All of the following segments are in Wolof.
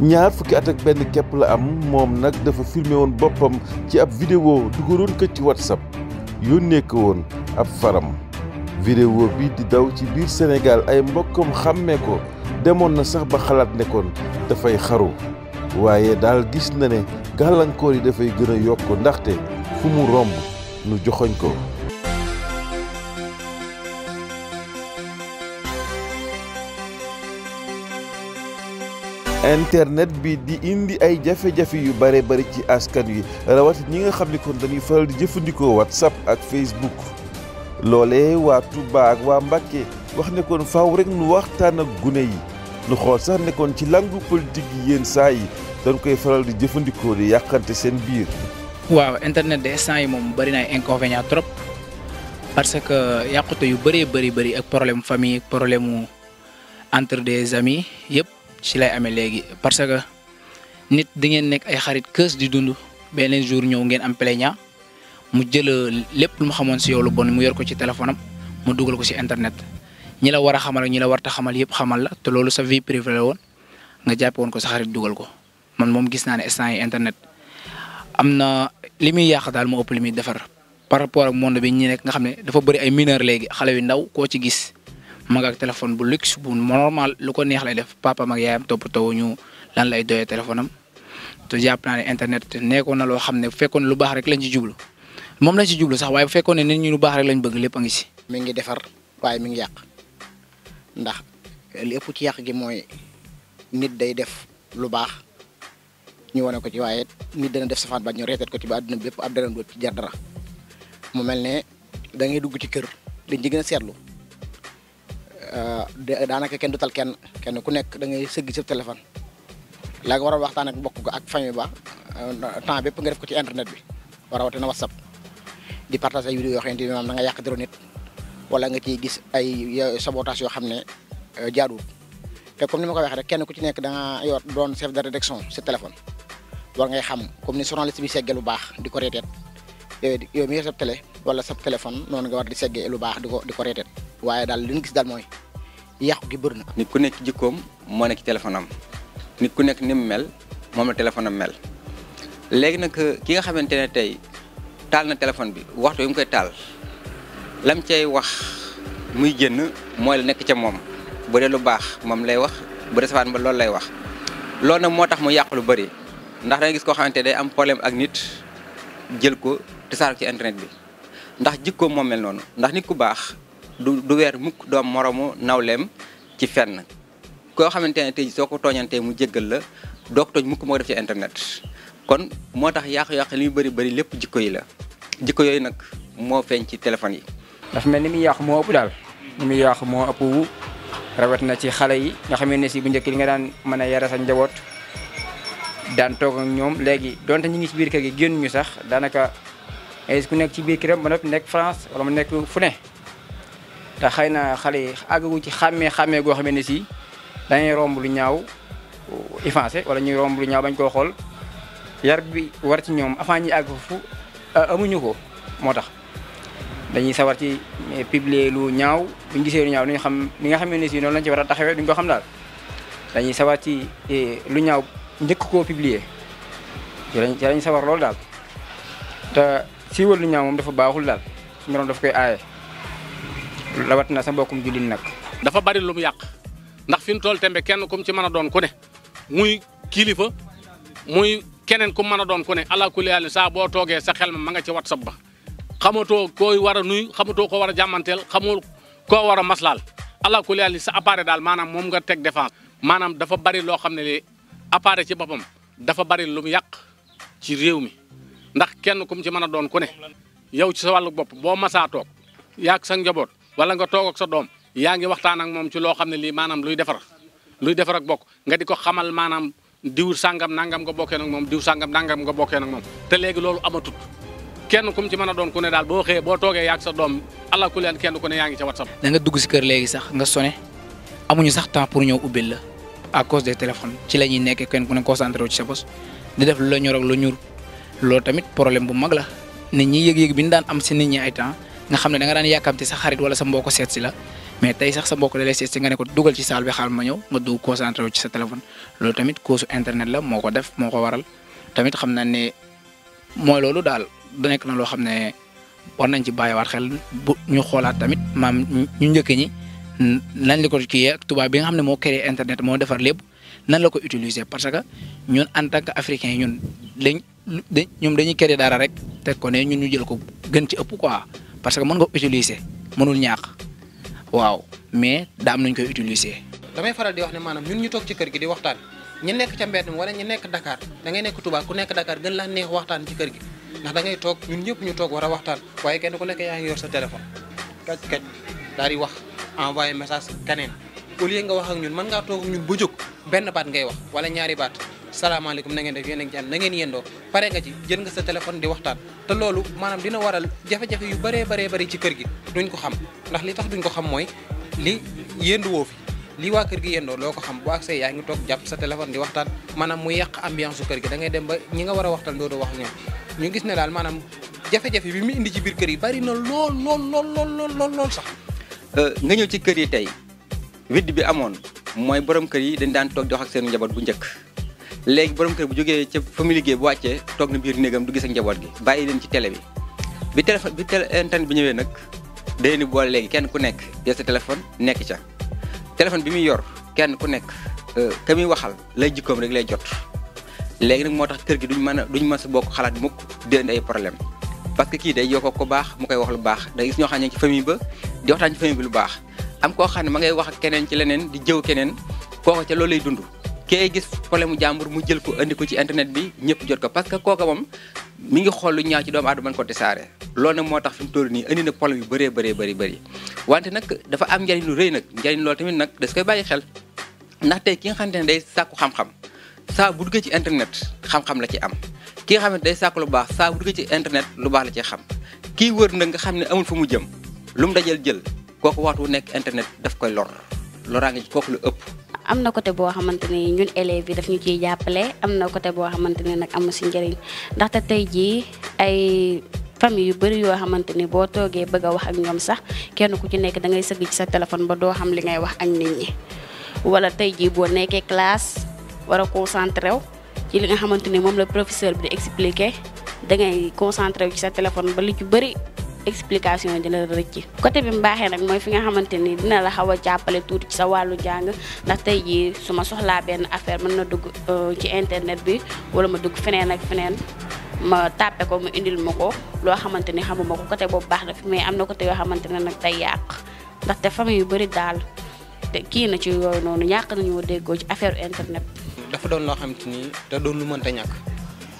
ñaar fukki at ak benn képp la am moom nag dafa filmé woon boppam ci ab vidéo dugaloon ko ci whatsapp yónnee ko woon ab faram vidéo bi di daw ci biir Sénégal ay mbokkam xàmmee ko demoon na sax ba xalaat ne kon dafay xaru waaye daal gis na ne gàllankoor yi dafay gën a yokk ndaxte fu mu romb nu joxoñ ko internet bi di indi ay jafe-jafe yu bare bari ci askan wi rawati ñi nga xam ne kon dañuy faral di jëfandikoo whatsapp ak facebook loole waa Touba ak waa Mbacké wax ne faw rek nu waxtaan ak gune yi nu xool sax nekkoon ci langue politique yi yéen saa yi dañ koy faral di jëfandikoo di yàqante seen biir waaw internet de instant yi moom bëri na ay trop parce que yàqute yu bëree bëri bëri ak problème famille problème entre des amis yëpp ci lay amee léegi parce que nit di ngeen nekk ay xarit kees di dund beneen jour ñëw ngeen am plaignant mu jël lépp lu mu xamoon si yow lu bon mu yor ko ci téléphone mu dugal ko si internet ñi la war a xamal ñi la war ta xamal yëpp xamal la te loolu sa vie privée woon nga jàpp woon ko sa xarit dugal ko man moom gis naa ne instant yi internet am na li muy yàq daal moo ëpp li muy defar par rapport ak monde bi ñi nekk nga xam ne dafa bëri ay mineur léegi xale yu ndaw koo ci gis. mag ak téléphone bu luxe bu normal lu ko neex lay def papa mag yaayam toppatoo ñu lan lay doye téléphone am to japp na internet nekkoon na lo xamne lubah lu bax rek lañ ci jublu mom lañ ci jublu sax waye bu ne nit ñu lu bax rek lañ bëgg lepp ngi mi ngi defar waye mi ngi yaq ndax li ëpp ci yaq gi moy nit day def lu bax ñu woné ko ci waye nit dana def safaat ba ñu rétet ko ci ba aduna bëpp ab dara ci jar dara mu melne ne da ngay dugg ci kër dañ Eh, daanaka kenn dutal tal kenn kenn ku nek da ngay seug ci téléphone la nga war waxtan ak bokk ga ak famille ba euh, temps bepp nga def ko ci internet bi war na whatsapp di partager vidéo yo xamante ni maanaam da nga yak dro nit wala nga ci gis ay euh, sabotage yo xam ne euh, té comme nima ko waxee rek kenn ku ci nek da nga yor doon chef de rédaction ci téléphone war ngay xam comme ni journaliste bi seggee lu baax di ko yow yooyu mi yor sa télé wala sa téléphone non nga war di séggé lu baax diko diko di waye dal li gis dal moy yàqu gi bëri na. nit ku nekk jikkoom moo nekk ci téléphone nit ku nekk ni mu mel moom la téléphone mel léegi nag euh, ki nga xamante ne tey taal na téléphone bi waxtu yu mu koy taal lam cay wax muy génn mooy la nekk ca moom bu dee lu baax moom lay wax bu dee ba loolu lay wax loolu nag moo tax mu yàq lu bëri ndax danga gis koo xamante day am problème ak nit jël ko te saar ci internet bi ndax jikkoom moo mel noonu ndax nit ku baax. du wer muk mukk doom moromu nawlem ci fenn ko xamantene tay soko toñante mu jéggal la dok toñ mukk def ci internet kon motax yaq yaq li bari bari lepp jikko yi la jikko yoy nak mo feeñ ci téléphone yi daf melni mi yaq mo moo ëpp daal ni muy yàqu moo rawet na ci xalé yi nga xamee ci bu ñëk li nga daan mëna yara sa njabot daan tok ak ñom légui donte ñi ngi ci biir kër gi gën ñu sax daanaka ay ku nekk ci biir këram ba noppi France wala mu nekk fu te xay na xale yi àggagu ci xàmmee xàmmee goo xam ne si dañuy romb lu ñaaw effacé wala ñuy romb lu ñaaw bañ koo xool yar bi war ci ñoom avant ñuy àgg fu euh, amuñu ko moo tax dañuy sawar ci publier lu ñaaw buñ gisee lu ñaaw duñu xam li nga xam ne si noonu lañ ci war a taxawee duñ ko xam daal dañuy sawar ci eh, lu ñaaw njëkk koo publier ci lañ ci lañ sawar loolu daal te siiwal lu ñaaw moom baaxul daal suñu borom koy aaye rawat na sa mbokkum jullit nag. dafa bari lu mu yàq ndax fi mu toll tembe kenn kum ci mën a doon ku ne muy kilifa muy keneen kum mën a doon ku ne allah kulli saa boo toogee sa xel ma ma nga ci whatsapp ba xamatoo koy war a nuyu xamatoo koo war a jàmmanteel xamul koo war a maslaal allah kulli alli sa appareil daal maanaam moom nga teg défense. maanaam dafa bari loo xam ne lii appareil ci boppam dafa bari lu yàq ci réew mi ndax kenn kum ci mën a doon ku ne yow ci sa wàllu bopp boo masaa toog yàq sa njaboot. wala nga toog ak sa doom yaa ngi waxtaan ak moom ci loo xam ne lii maanaam luy defar luy defar ak bokk nga di ko xamal maanaam diw sàngam nangam nga bokkee nag moom diw sàngam nangam nga bokkee nag moom te léegi loolu amatut kenn ku mu ci mën a doon ku ne daal boo xëyee boo toogee yaag sa doom allah ku leen kenn ku ne yaa ngi ca WhatsApp. da nga dugg si kër léegi sax nga sone amuñu sax temps pour ñëw ubbil la à cause des ci la nekke kenn ku ne concentré ci sa bos di def lu la ñor lu ñur loolu tamit problème bu mag la nit ñi yëg-yëg bi ñu daan am si nit ñi temps nga xamne da nga daan yakamti sa xarit wala sa mboko seet la mais tay sax sa mboko da lay nga ne ko duggal ci salle bi xal ma ñew nga du concentré wu ci sa téléphone lolu tamit cause internet la moko def moko waral tamit xamna ne mooy loolu daal da na lo xamne ne war nañ ci war xel bu ñu xolaat tamit mam ñu ñëk ñi nan la ko ak tuba bi nga xamne ne créer internet mo defar lépp nan la ko utiliser parce que ñun en tant que africain ñun dañ ñom dañuy créer dara rek teg ko ne ñun ñu jël ko gën ci ëpp quoi parce que mën nga utiliser mënul ñàkk waaw mais da am nañ koy utiliser. damay faral di wax ni manam ñun ñu tok ci kër gi di waxtaan ñi nekk ci mbéddum wala ñi nekk Dakar da ngay nekk Touba ku nekk Dakar gën la neex waxtaan ci kër gi ndax da ngay tok ñun ñëpp ñu tok wara waxtaan waye kenn ku nekk yaa yor sa téléphone kaj kaj dari wax envoyer message kenen au lieu nga wax ak ñun man nga tok ñun bu juk benn baat ngay wax wala ñaari baat salamaleekum na ngeen def yéen a ngi na ngeen yendo pare nga ci jël nga sa téléphone di waxtaan te loolu maanaam dina waral jafe-jafe yu bëree bëree bëri ci kër gi duñ ko xam ndax li tax duñ ko xam mooy li yendu woo fi li waa kër gi yendoo loo ko xam bu accès yaa ngi toog jàpp sa téléphone di waxtaan maanaam mu yàq ambiance su kër gi da ngay dem ba ñi nga war a waxtaan doodo wax ñoom ñu gis ne daal maanaam jafe-jafe bi mu indi ci biir kër yi bari na lool lool lool lool lool lool sax euh, nga ñëw ci kër yi tey widd bi amoon mooy borom kër yi dañ daan toog di wax ak seen njaboot bu njëkk léegi borom kër bu jógee ca fa mu bu wàccee toog na biir néegam du gis ak njaboot gi bàyyi leen ci télé bi bi téléphone bi télé internet bi ñëwee nag day ni boole léegi kenn ku nekk jël sa téléphone nekk ca téléphone bi muy yor kenn ku nekk euh, ka muy waxal lay jikkoom rek lay jot léegi nag moo tax kër gi duñ mën a duñ mën sa bokk xalaat mukk di indi ay problème parce que kii day yokkoo ko baax mu koy wax lu baax da gis ñoo xam ne ci famille ba di waxtaan ci bi lu baax am koo xam ne ma ngay wax ak keneen ci leneen di jëw keneen kooku ca loolu lay dund kee gis problème mu jàmbur mu jël ko andi ko ci internet bi ñëpp jot ko parce que kooka moom mi ngi xoolu lu ñaaw ci doomu aadama mën ko tasaare loolu nag moo tax fi mu toll nii andi na problème yu bëree bëree bëri bëri wante nag dafa am njariñ lu rëy nag njariñ loolu tamit nag das koy bàyyi xel ndax tey ki nga xamante ne day sàkku xam-xam saa bu ci internet xam la ci am ki nga xam ne day sàkku lu baax saa bu duggee ci internet lu baax la ci xam kii wër nag nga xam ne amul fu mu jëm lu mu dajal jël kooku waxtu wu nekk internet daf koy lor loraa nga ci kooku ëpp am na côté boo xamante ni ñun élèves yi daf ñu ciy jàppale am na côté boo xamante ni nag amu si njëriñ ndaxte tey jii ay famille yu bëri yoo xamante ni boo toogee bëgg a wax ak ñoom sax kenn ku ci nekk da ngay sëgg ci sa téléphone ba doo xam li ngay wax ak nit ñi wala tey jii boo nekkee classe wara a concentré wu ci li nga xamante ni moom la professeur bi di expliqué da ngay ci sa téléphone ba li ci bëri explication yi dina la rëcc côté bi mu baaxee nag mooy fi nga xamante ni dina la xaw a jàppale tuuti ci sa wàllu jàng ndax tey jii su soxlaa benn affaire mën na dugg euh, ci internet bi wala ma dugg feneen ak feneen ma tàppe ko mu indil ma ko loo xamante ni xamuma ko côté boobu baax na fi mais am na côté yoo xamante ne nag day yàq ndaxte famille yu bëri daal te kii na ci yooyu noonu ñàkk nañoo déggoo ci affaire internet. dafa doon loo xamante ni da doon lu mënta ñàkk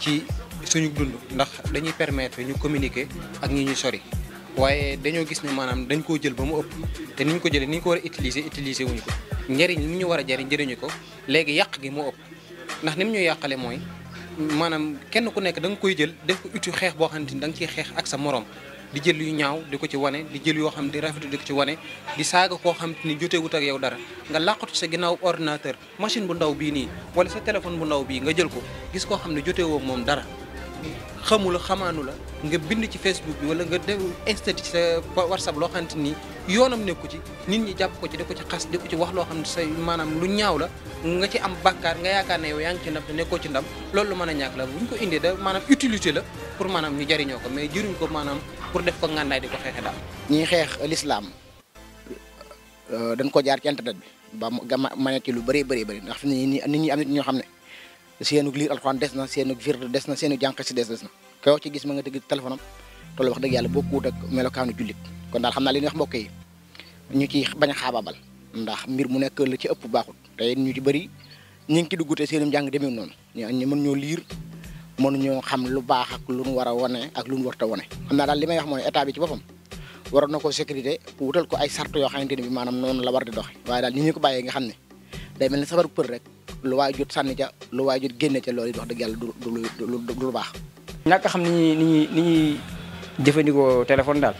ci. suñu dund ndax dañuy permettre ñu communiquer ak ñi ñu sori waaye dañoo gis ne maanaam dañ koo jël ba mu ëpp te niñ ko jëlee ni ñu ko war a utiliser utiliser wuñu ko njëriñ li ñu ñu war a jëriñ jëriñu ko léegi yàq gi moo ëpp ndax ni mu ñu yàqale mooy maanaam kenn ku nekk danga koy jël def ko uti xeex boo xamante ni da nga ciy xeex ak sa morom di jël yu ñaaw di ko ci wane di jël yoo xam di rafetu di ko ci wane di saaga koo xam ni jotewut ak yow dara nga làqatu sa ginnaaw ordinateur machine bu ndaw bii nii wala sa téléphone bu ndaw bii nga jël ko gis koo xam ne jotewoo moom dara xamul xamanu la nga bind ci facebook bi wala nga de ci whatsapp lo xamante yonam neeku ci nit ñi japp ko ci di ci xass di ci wax lo xam say manam lu ñaaw la nga ci am bakkar nga yaakaar ne yow yaa ci ndam neeku ci ndam loolu lu mën a la buñ ko indi da manam utilité la pour manam ñu jariño ko mais jëriñ ko manam pour def ko ngandaay diko xexé ñi xex l'islam euh dañ ko jaar ci internet bi ba ma ci lu bari bari bari ndax ni ni am nit ñoo xamne seenu lir alquran des na seenu virde des na seenu jankas si des na kaw ci gis ma nga deug telephone tolo wax deug yalla bokku tak melokanu julit kon dal xamna li ñuy wax mbokk yi ñu ci baña xababal ndax mbir mu nekk la ci ëpp baaxut tay ñu ci bari ñi ngi ci duggute jang demi non ñi ñi mën ñoo liir mënu ñoo xam lu bax ak lu ñu wara woné ak lu ñu warta woné xamna dal limay wax moy état bi ci bopam waroon nako sécurité pour wutal ko ay sart yo xamanteni bi manam non la war di doxe waaye dal ñi ñi ko bàyyee nga xam day melni sabar për rek lu waay jot sànni ca lu waay jot génne te loolu it wax dëgg yàlla du du du lu baax. ñàkk xam ni ñuy ni ñuy ni ñuy jëfandikoo téléphone daal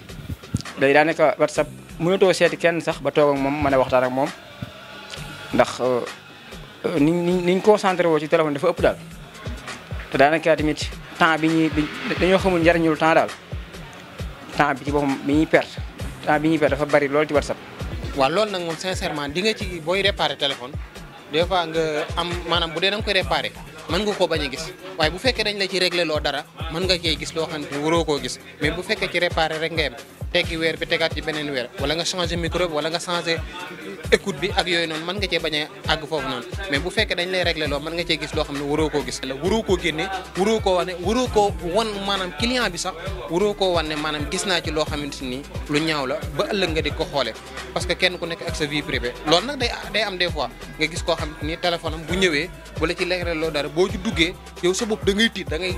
léegi daanaka whatsapp mënatoo seeti kenn sax ba toog moom mën a waxtaan ak moom ndax ni ñu ni ñu concentré woo ci téléphone dafa ëpp daal te daanaka tamit temps bi ñuy dañoo xamul njariñul temps daal temps bi ci boppam bi ñuy perte temps bi ñuy perte dafa bari lool ci whatsapp. waaw loolu nag moom sincèrement di nga ci booy réparé téléphone. des fois nga am maanaam bu dee da nga koy mën nga ko bañ a gis waaye bu fekkee dañ la ci réglé loo dara mën nga cee gis loo xam ne waroo koo gis mais bu fekkee ci réparé rek nga yem tekki weer bi tegaat ci beneen weer wala nga changé micro bi wala nga changé écoute bi ak yooyu noonu mën nga cee bañ a àgg foofu noonu mais bu fekkee dañ lay réglé loo mën nga cee gis loo xam ne waroo koo gis la waroo koo génne waroo koo wane waroo koo wan maanaam client bi sax waroo koo wan ne maanaam gis naa ci loo xamante ni lu ñaaw la ba ëllëg nga di ko xoolee parce que kenn ku nekk ak sa vie privée loolu nag day day am des fois nga gis koo xamante ni téléphone am bu ñëwee wala ci léeg loo dara boo ci duggee yow sa bopp da ngay tiit da ngay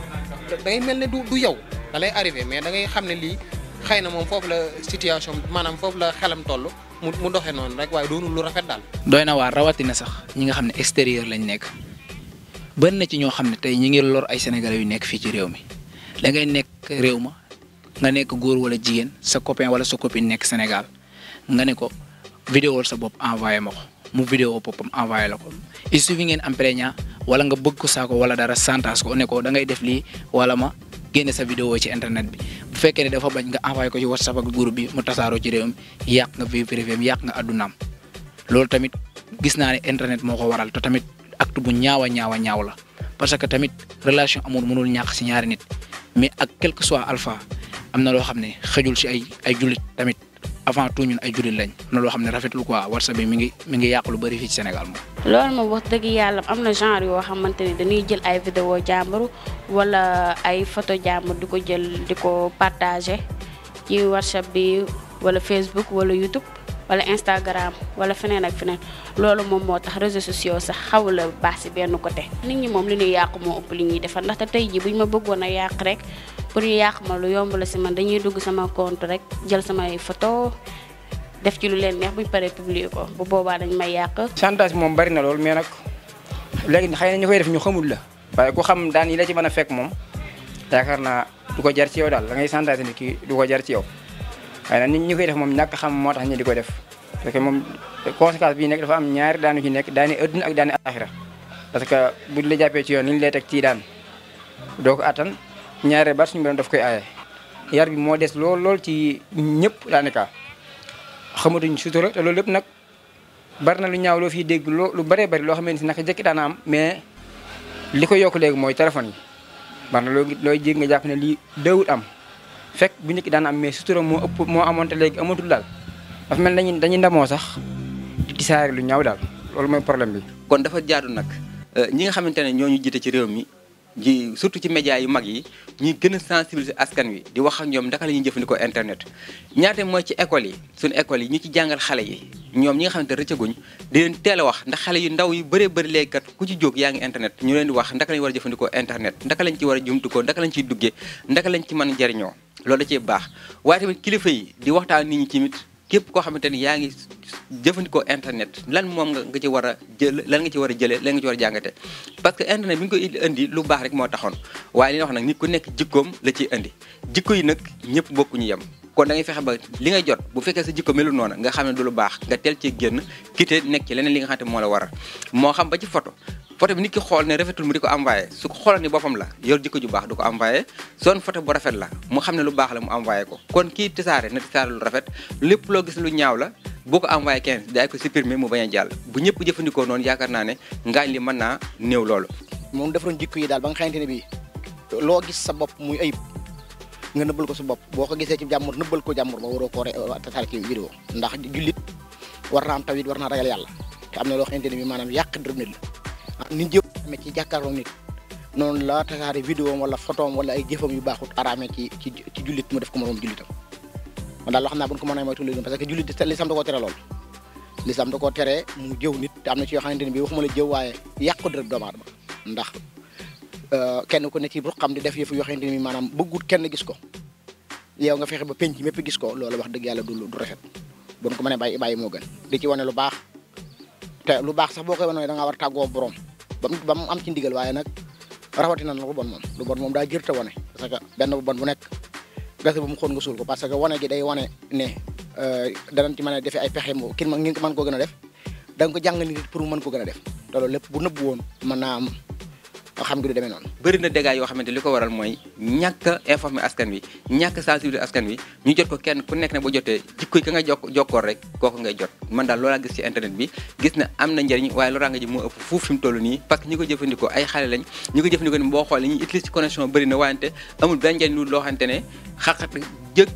da ngay mel ne du du yow da lay arrivé mais da ngay xam ne lii xëy na moom foofu la situation maanaam foofu la xelam toll mu mu doxee noonu rek waaye doonul lu rafet daal. dooy na waar rawatina sax ñi nga xam ne extérieur lañ nekk bari na ci ñoo xam ne tey ñi ngi lor ay sénégalais yu nekk fii ci réew mi da ngay nekk réew ma nga nekk góor wala jigéen sa copain wala sa copine nekk Sénégal nga ne ko vidéo sa bopp envoyé ma ko mu video boppam envoyé la ko il suffit ngeen emprégnat wala nga bëgg ko saako wala dara santaas ko ne ko da ngay def lii wala ma génne sa vidéo ci internet bi fekke ne dafa bañ nga envoyé ko ci whatsapp ak groupe bi mu tassaro ci réewam yak nga vie privée yak nga adunam lolou tamit gis na internet moko waral te tamit acte bu ñaawa ñaawa ñaaw la parce que tamit relation amul mënul ñak si ñaari nit mais ak quel que soit alpha amna lo loo ci ay ay julit tamit avant tout ñun ay julit lañ am na loo rafetul quoi whatsapp bi mi ngi mi ngi yak lu bari fi ci Sénégal mo loolu moom wax dëgg yàlla am na genre yoo xamante ni dañuy jël ay vidéo jàmbur wala ay photo jàmbur di ko jël di ko partager ci WhatsApp bi wala Facebook wala YouTube wala Instagram wala feneen ak feneen loolu moom moo tax réseaux sociaux sax xaw la baax si benn côté. nit ñi moom li ñuy yàqu moo ëpp li ñuy defar ndaxte tey jii bu ma bëggoon a yàq rek pour ñu yàq ma lu yomb la man dañuy dugg sama compte rek jël samay photo def ci lu leen neex buñ paré publier ko bu boba dañ may yàq. chantage mom bari na lol mais nak légui xëy na ñu def ñu xamul la waye ku xam daan yi la ci mëna fekk mom yaakaar na du ko jar ci yow dal da ngay chantage ni ki du ko jar ci yow waye nag nit ñukoy def mom ñàkk xam motax ñi diko def parce que mom conséquence bi nek dafa am ñaar daanu ci nek daani adduna ak daani axira parce que bu la jappé ci yoon ni lay tek ci daan do ko atan ñaare ba suñu borom daf koy ayé yar bi mo dess lol lol ci ñepp daanika xamatuñ sutura te loolu lépp nag bari na lu ñaaw loo fiy dégg loo lu baree bari loo xamante ni naka jëkki daana am mais li ko yokk léegi mooy téléphone yi bari na loo looy jégg nga jàpp ne lii dawul am fekk bu njëkk daana am mais sutura moo ëpp moo amoon te léegi amatul daal dafa mel dañuy dañuy ndamoo sax di tisaare lu ñaaw daal loolu mooy problème bi kon dafa jaadu nag euh, ñi nga xamante ne ñoo ñu jiite ci réew mi ji surtout ci médias yu mag yi ñuy gën a sensibiliser askan wi di wax ak ñoom ndaka la ñuy jëfandikoo internet ñaate mooy ci école yi suñu école yi ñu ci jàngal xale yi ñoom ñi nga xamante rëccaguñ di leen teel wax ndax xale yi ndaw yu bëree bëri léegi kat ku ci jóg yaa ngi internet ñu leen di wax ndaka lañ war a jëfandikoo internet ndaka lañ ci war a jumtukoo ndaka lañ ciy duggee ndaka lañ ci mën jariñoo loolu da cee baax waaye tamit kilifa yi di waxtaan nit ci mit képp koo xamante ni yaa ngi jëfandikoo internet lan moom nga nga ci war a jël lan nga ci war a jëlee lan nga ci war a jàngate parce que internet bi nga koy indi lu baax rek moo taxoon waaye li nga wax nag nekk jikkoom la ciy indi jikko yi nag ñëpp bokkuñu yem kon da fexe ba li ngay jot bu fekkee sa jikko melu noonu nga xam ne du lu baax nga teel ci génn kite nekk ci leneen li nga xam ne moo la waral moo xam ba ci photo photo bi nit ki xol ne rafetul mu diko ko envoyé su ko xolani ni la yor diko ju bax du ko envoyé son photo bu rafet la mu xamne lu bax la mu envoyé ko kon ki tisaré na tisaré lu rafet lepp lo gis lu ñaaw la bu ko envoyé kenn daay ko supprimer mu baña jall bu ñepp jëfëndiko non yaakar naa ne ngaañ li mëna neew lool mu moom jikko yi dal ba nga xamante ne bii gis sa bop muy ayib nga neubul ko sa bop boko gisé ci jàmmur neubul ko jamur ba waro ko tasaare ki vidéo ndax julit warna am tawit warna ragal yalla amna lo na loo manam yak bii Ah, ni jëf amee ci jàkkaarloo nit noonu la tasaare vidéo am wala photo am ay jëfam yu baaxut araamee ci ci ci jullit mu def ko moroom jullitam man daal loo xam naa bu ñu ko mën a moytu léegi parce que jullit koo tere lool lislaam da koo tere mu jëw nit te am na ci yoo xamante ne bii waxuma la jëw waaye yàqu dërëb doomu aadama ndax euh, kenn ku ne ci ruqam di def yëfu yoo xamante ne bii maanaam bëggut kenn gis ko yow nga fexe ba penc mépp gis ko loolu wax dëgg yàlla du du rafet bu ko mënee bàyyi bàyyi moo gën di ci wane lu baax te lu baax sax boo koy wane da ngaa war tàggoo borom ba mu am ci ndigal waaye nag rawatina na lu bon moom lu bon moom daa gërte wane parce que benn bu bon bu nekk gase bu mu xoon nga suul ko parce que wane gi day wane ne euh, dana ci mën a defee ay pexe moo kin ma man mën koo gën a def da nga ko jàng nit pour mu mën ko gën a def te loolu lépp bu nëbb woon mën naa am xam ngi du demee noonu bëri na dégâts yoo xamante li ko waral mooy ñàkk a askan wi ñàkk sensibiliser askan wi ñu jot ko kenn ku nekk ne ba jotee jikko ka nga jokk jokkoor rek kooku ngay jot man daal loolaa gis ci internet bi gis na am na njëriñ waaye boo xoolee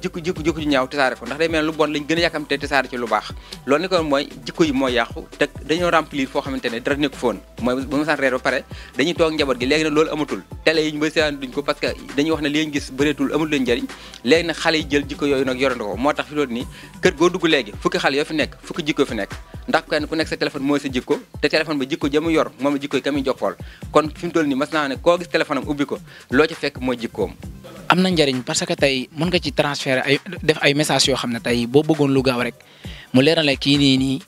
jikko jikko jikko ju ñaaw tasaare ko ndax day mel lu bon lañ gën a yàkkamte tasaare ci lu baax loolu ni ko mooy jikko yi moo yàqu te dañoo remplir xamante ne dara nekk foon mooy ba ma reer ba pare dañuy toog njaboot gi léegi na loolu amatul bëreetul télé yi ñu ba seetaan duñ ko parce que dañuy wax ne li ñu gis bëreetul amul leen njëriñ léegi nag xale yi jël jikko yooyu nag yorante ko moo tax fi loolu nii kër goo dugg léegi fukki xale yoo fi nekk fukki jikko fi nekk ndax kenn ku nekk sa sa jikko te téléphone ba jikko jëmu yor moom la jikko yi ka muy jokkool kon fi naa ne koo gis téléphone ubbi ko loo ci fekk mooy jikkoom am na njëriñ parce que tey mën nga ci transférer ay def ay message yoo xam ne tey boo bëggoon lu gaaw rek mu leer kii nii nii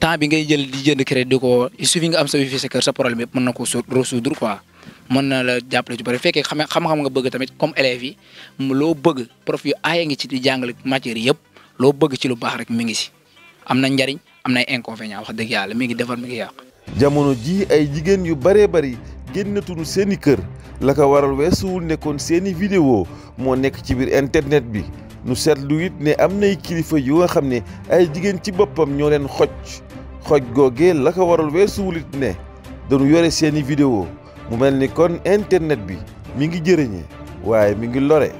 temps bi ngay jël di jënd crédit ko il suffit nga am sa sa kër sa mën na ko résoudre mën na la jàppale ci bëri fekkee xam xam-xam nga bëgg tamit comme élèves yi loo bëgg prof yu aaya ngi ci di jàngale matière yëpp loo bëgg ci lu baax rek mi ngi ci am na njariñ am na ay inconvénient wax dëgg yàlla mi ngi defar mi ngi yàq jamono ji ay jigéen yu bëree bëri génnatuñu seen i kër la ko waral weesuwul nekkoon seen i vidéo moo nekk ci biir internet bi nu seetlu it ne am nay kilifa yu nga xam ne ay jigéen ci boppam ñoo leen xoj xoj googee la ko waral weesuwul it ne dañu yore seen i vidéo mu mel ni kon internet bi mi ngi jëriñee waaye mi ngi lore